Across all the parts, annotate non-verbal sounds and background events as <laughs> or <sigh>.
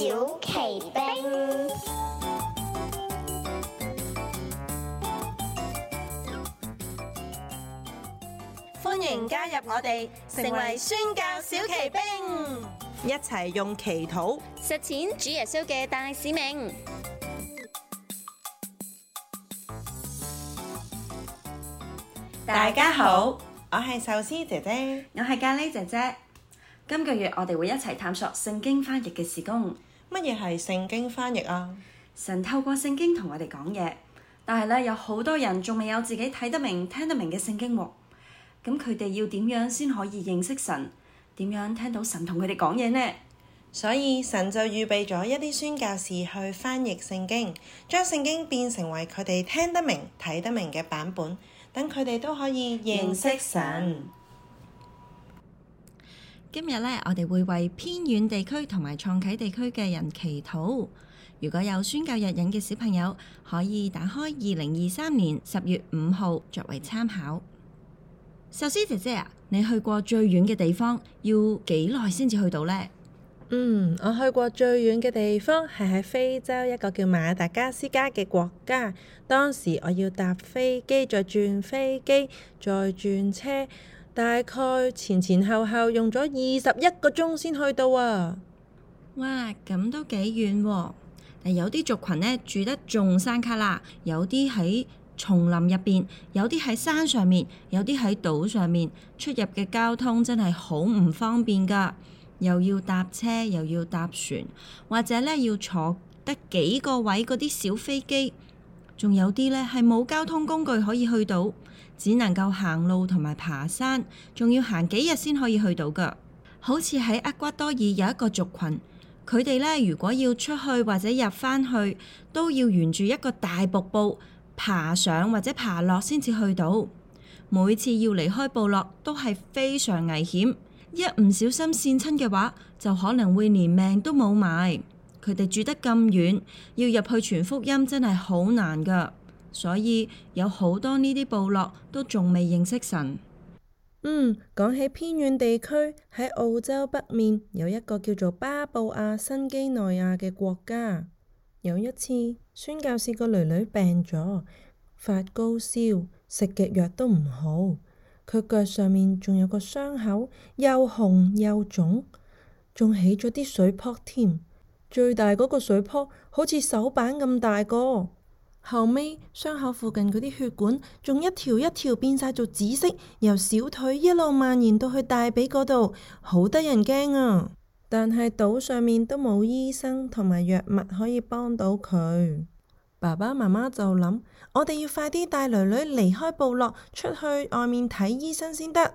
小奇兵，歡迎加入我哋，成為宣教小奇兵，一齊用祈禱實踐主耶穌嘅大使命。大家好，我係壽司姐姐，我係咖喱姐姐。今個月我哋會一齊探索聖經翻譯嘅事工。乜嘢係聖經翻譯啊？神透過聖經同我哋講嘢，但係咧，有好多人仲未有自己睇得明、聽得明嘅聖經喎，啊。咁佢哋要點樣先可以認識神？點樣聽到神同佢哋講嘢呢？所以神就預備咗一啲宣教士去翻譯聖經，將聖經變成為佢哋聽得明、睇得明嘅版本，等佢哋都可以認識神。今日咧，我哋會為偏遠地區同埋創啟地區嘅人祈禱。如果有宣教日引嘅小朋友，可以打開二零二三年十月五號作為參考。壽司姐姐啊，你去過最遠嘅地方要幾耐先至去到呢？嗯，我去過最遠嘅地方係喺非洲一個叫馬達加斯加嘅國家。當時我要搭飛機，再轉飛機，再轉車。大概前前後後用咗二十一個鐘先去到啊！哇，咁都幾遠喎！有啲族群咧住得仲山旮旯，有啲喺叢林入邊，有啲喺山上面，有啲喺島上面，出入嘅交通真係好唔方便噶，又要搭車，又要搭船，或者咧要坐得幾個位嗰啲小飛機，仲有啲咧係冇交通工具可以去到。只能夠行路同埋爬山，仲要行幾日先可以去到㗎。好似喺厄瓜多爾有一個族群，佢哋咧如果要出去或者入返去，都要沿住一個大瀑布爬上或者爬落先至去到。每次要離開部落都係非常危險，一唔小心跣親嘅話，就可能會連命都冇埋。佢哋住得咁遠，要入去傳福音真係好難㗎。所以有好多呢啲部落都仲未認識神。嗯，講起偏遠地區，喺澳洲北面有一個叫做巴布亞新畿內亞嘅國家。有一次，宣教士個囡囡病咗，發高燒，食嘅藥都唔好。佢腳上面仲有個傷口，又紅又腫，仲起咗啲水泡添。最大嗰個水泡好似手板咁大個。後尾傷口附近嗰啲血管仲一條一條變晒做紫色，由小腿一路蔓延到去大髀嗰度，好得人驚啊！但係島上面都冇醫生同埋藥物可以幫到佢，爸爸媽媽就諗：我哋要快啲帶女女離開部落，出去外面睇醫生先得。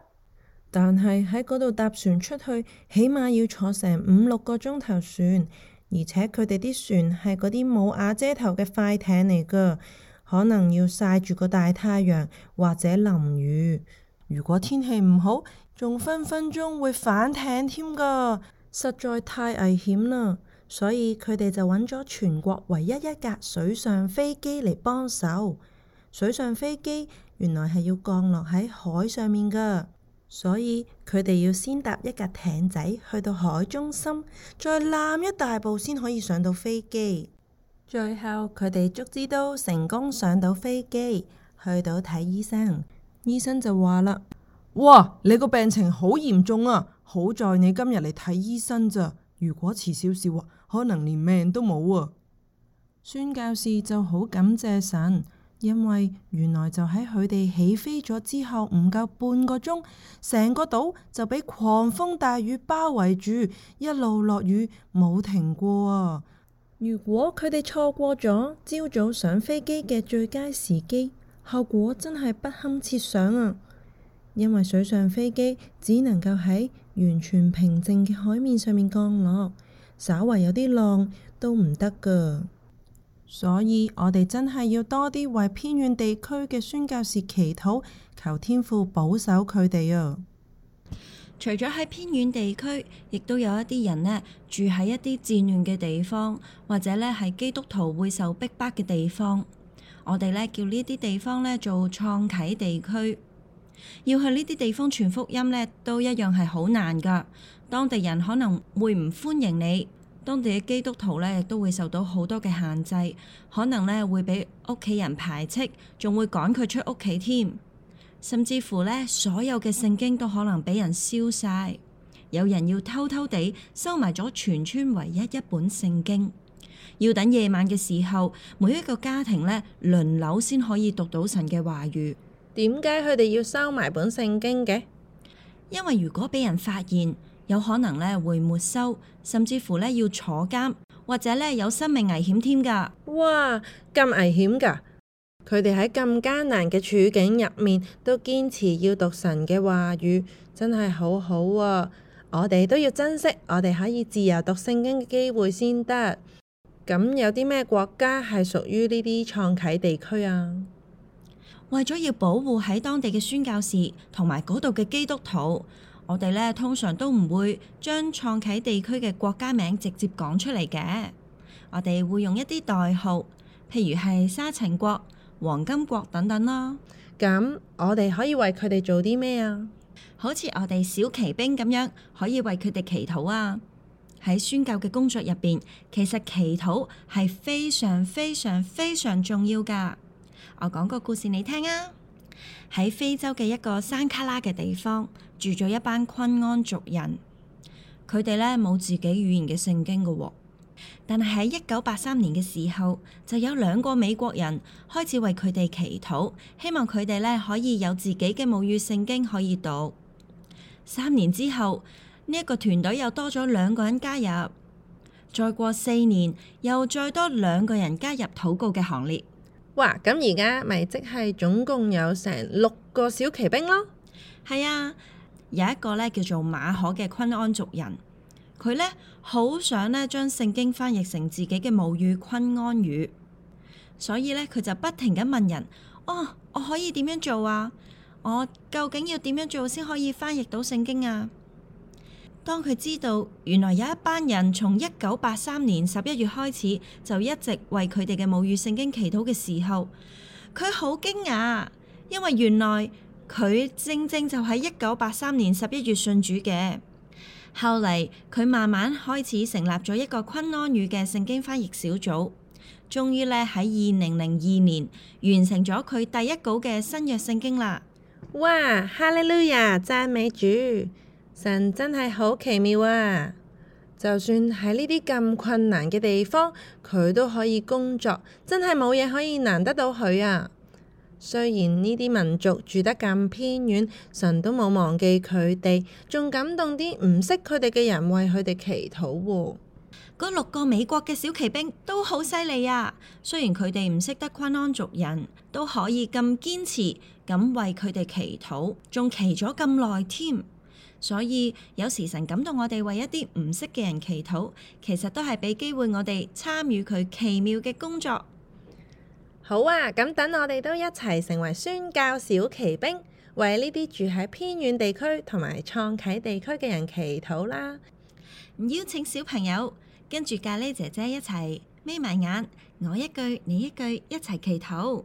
但係喺嗰度搭船出去，起碼要坐成五六個鐘頭船。而且佢哋啲船係嗰啲冇瓦遮頭嘅快艇嚟㗎，可能要曬住個大太陽或者淋雨。如果天氣唔好，仲分分鐘會反艇添㗎，實在太危險啦。所以佢哋就揾咗全國唯一一架水上飛機嚟幫手。水上飛機原來係要降落喺海上面㗎。所以佢哋要先搭一架艇仔去到海中心，再攬一大步先可以上到飛機。最後佢哋卒之都成功上到飛機，去到睇醫生。醫生就話啦：哇，你個病情好嚴重啊！好在你今日嚟睇醫生咋，如果遲少少，可能連命都冇啊！宣教士就好感謝神。因為原來就喺佢哋起飛咗之後唔夠半個鐘，成個島就俾狂風大雨包圍住，一路落雨冇停過啊！如果佢哋錯過咗朝早上飛機嘅最佳時機，後果真係不堪設想啊！因為水上飛機只能夠喺完全平靜嘅海面上面降落，稍微有啲浪都唔得噶。所以我哋真係要多啲為偏遠地區嘅宣教士祈禱，求天父保守佢哋啊！除咗喺偏遠地區，亦都有一啲人呢住喺一啲戰亂嘅地方，或者呢係基督徒會受逼迫嘅地方。我哋呢叫呢啲地方呢做創啟地區。要去呢啲地方傳福音呢，都一樣係好難㗎。當地人可能會唔歡迎你。當地嘅基督徒咧，亦都會受到好多嘅限制，可能咧會俾屋企人排斥，仲會趕佢出屋企添，甚至乎咧所有嘅聖經都可能俾人燒晒。有人要偷偷地收埋咗全村唯一一本聖經，要等夜晚嘅時候，每一個家庭咧輪流先可以讀到神嘅話語。點解佢哋要收埋本聖經嘅？因為如果俾人發現，有可能咧會沒收，甚至乎咧要坐監，或者咧有生命危險添噶。哇，咁危險噶佢哋喺咁艱難嘅處境入面都堅持要讀神嘅話語，真係好好啊！我哋都要珍惜我哋可以自由讀聖經嘅機會先得。咁有啲咩國家係屬於呢啲創啟地區啊？為咗要保護喺當地嘅宣教士同埋嗰度嘅基督徒。我哋咧通常都唔會將創啟地區嘅國家名直接講出嚟嘅，我哋會用一啲代號，譬如係沙塵國、黃金國等等啦。咁、嗯、我哋可以為佢哋做啲咩啊？好似我哋小奇兵咁樣，可以為佢哋祈禱啊！喺宣教嘅工作入邊，其實祈禱係非常非常非常重要噶。我講個故事你聽啊。喺非洲嘅一個山旮旯嘅地方，住咗一班昆安族人。佢哋咧冇自己語言嘅聖經噶，但係喺一九八三年嘅時候，就有兩個美國人開始為佢哋祈禱，希望佢哋咧可以有自己嘅母語聖經可以讀。三年之後，呢、這、一個團隊又多咗兩個人加入。再過四年，又再多兩個人加入禱告嘅行列。哇，咁而家咪即係總共有成六個小奇兵咯係啊，有一個咧叫做馬可嘅昆安族人，佢咧好想咧將聖經翻譯成自己嘅母語昆安語，所以咧佢就不停咁問人：哦，我可以點樣做啊？我究竟要點樣做先可以翻譯到聖經啊？當佢知道原來有一班人從一九八三年十一月開始就一直為佢哋嘅母語聖經祈禱嘅時候，佢好驚訝，因為原來佢正正就喺一九八三年十一月信主嘅。後嚟佢慢慢開始成立咗一個昆安語嘅聖經翻譯小組，終於咧喺二零零二年完成咗佢第一稿嘅新約聖經啦！哇，哈利路亞，讚美主！神真係好奇妙啊！就算喺呢啲咁困難嘅地方，佢都可以工作，真係冇嘢可以難得到佢啊！雖然呢啲民族住得咁偏遠，神都冇忘記佢哋，仲感動啲唔識佢哋嘅人為佢哋祈禱啊。嗰六個美國嘅小騎兵都好犀利啊！雖然佢哋唔識得昆安族人，都可以咁堅持咁為佢哋祈禱，仲祈咗咁耐添。所以有時神感動我哋為一啲唔識嘅人祈禱，其實都係俾機會我哋參與佢奇妙嘅工作。好啊，咁等我哋都一齊成為宣教小奇兵，為呢啲住喺偏遠地區同埋創啟地區嘅人祈禱啦！唔邀請小朋友跟住咖喱姐姐一齊眯埋眼，我一句你一句一齊祈禱。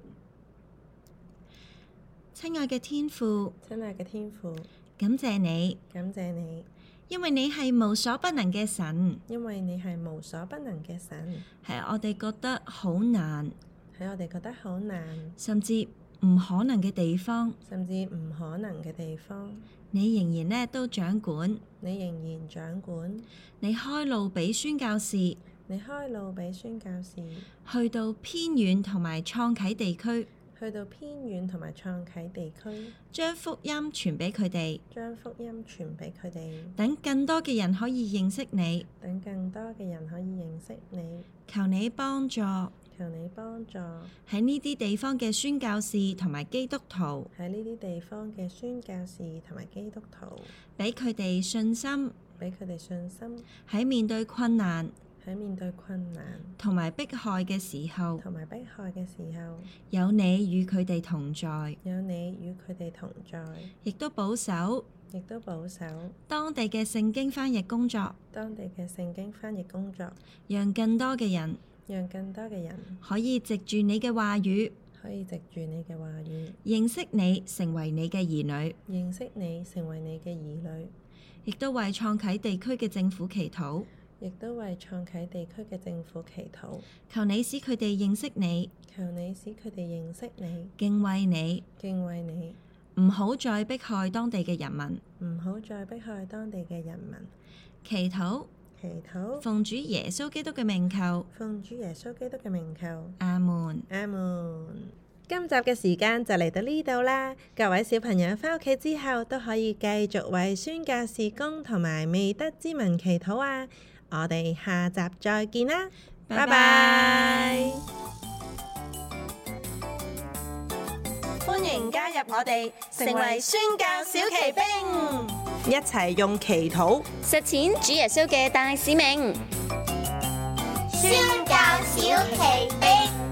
親愛嘅天父，親愛嘅天父。感謝你，感謝你，因為你係無所不能嘅神，因為你係無所不能嘅神，係我哋覺得好難，係我哋覺得好難，甚至唔可能嘅地方，甚至唔可能嘅地方，你仍然咧都掌管，你仍然掌管，你開路俾宣教士，你開路俾宣教士，去到偏遠同埋創啟地區。去到偏遠同埋創啟地區，將福音傳俾佢哋。將福音傳俾佢哋。等更多嘅人可以認識你。等更多嘅人可以認識你。求你幫助。求你幫助。喺呢啲地方嘅宣教士同埋基督徒。喺呢啲地方嘅宣教士同埋基督徒。俾佢哋信心。俾佢哋信心。喺面對困難喺面對困難同埋迫害嘅時候，同埋迫害嘅時候，有你與佢哋同在，有你與佢哋同在，亦都保守，亦都保守當地嘅聖經翻譯工作，當地嘅聖經翻譯工作，讓更多嘅人，讓更多嘅人可以藉住你嘅話語，可以藉住你嘅話語，認識你成為你嘅兒女，認識你成為你嘅兒女，亦都為創啟地區嘅政府祈禱。 <laughs> 亦都為創啟地區嘅政府祈禱，求你使佢哋認識你，求你使佢哋認識你，敬畏你，敬畏你，唔好再迫害當地嘅人民，唔好再迫害當地嘅人民。祈禱，祈禱，奉主耶穌基督嘅名求，奉主耶穌基督嘅名求。阿門，阿門。今集嘅時間就嚟到呢度啦。各位小朋友翻屋企之後都可以繼續為宣教事工同埋未得之民祈禱啊！我哋下集再見啦，拜拜！歡迎加入我哋，成為宣教小奇兵，一齊用祈禱實踐主耶穌嘅大使命。宣教小奇兵。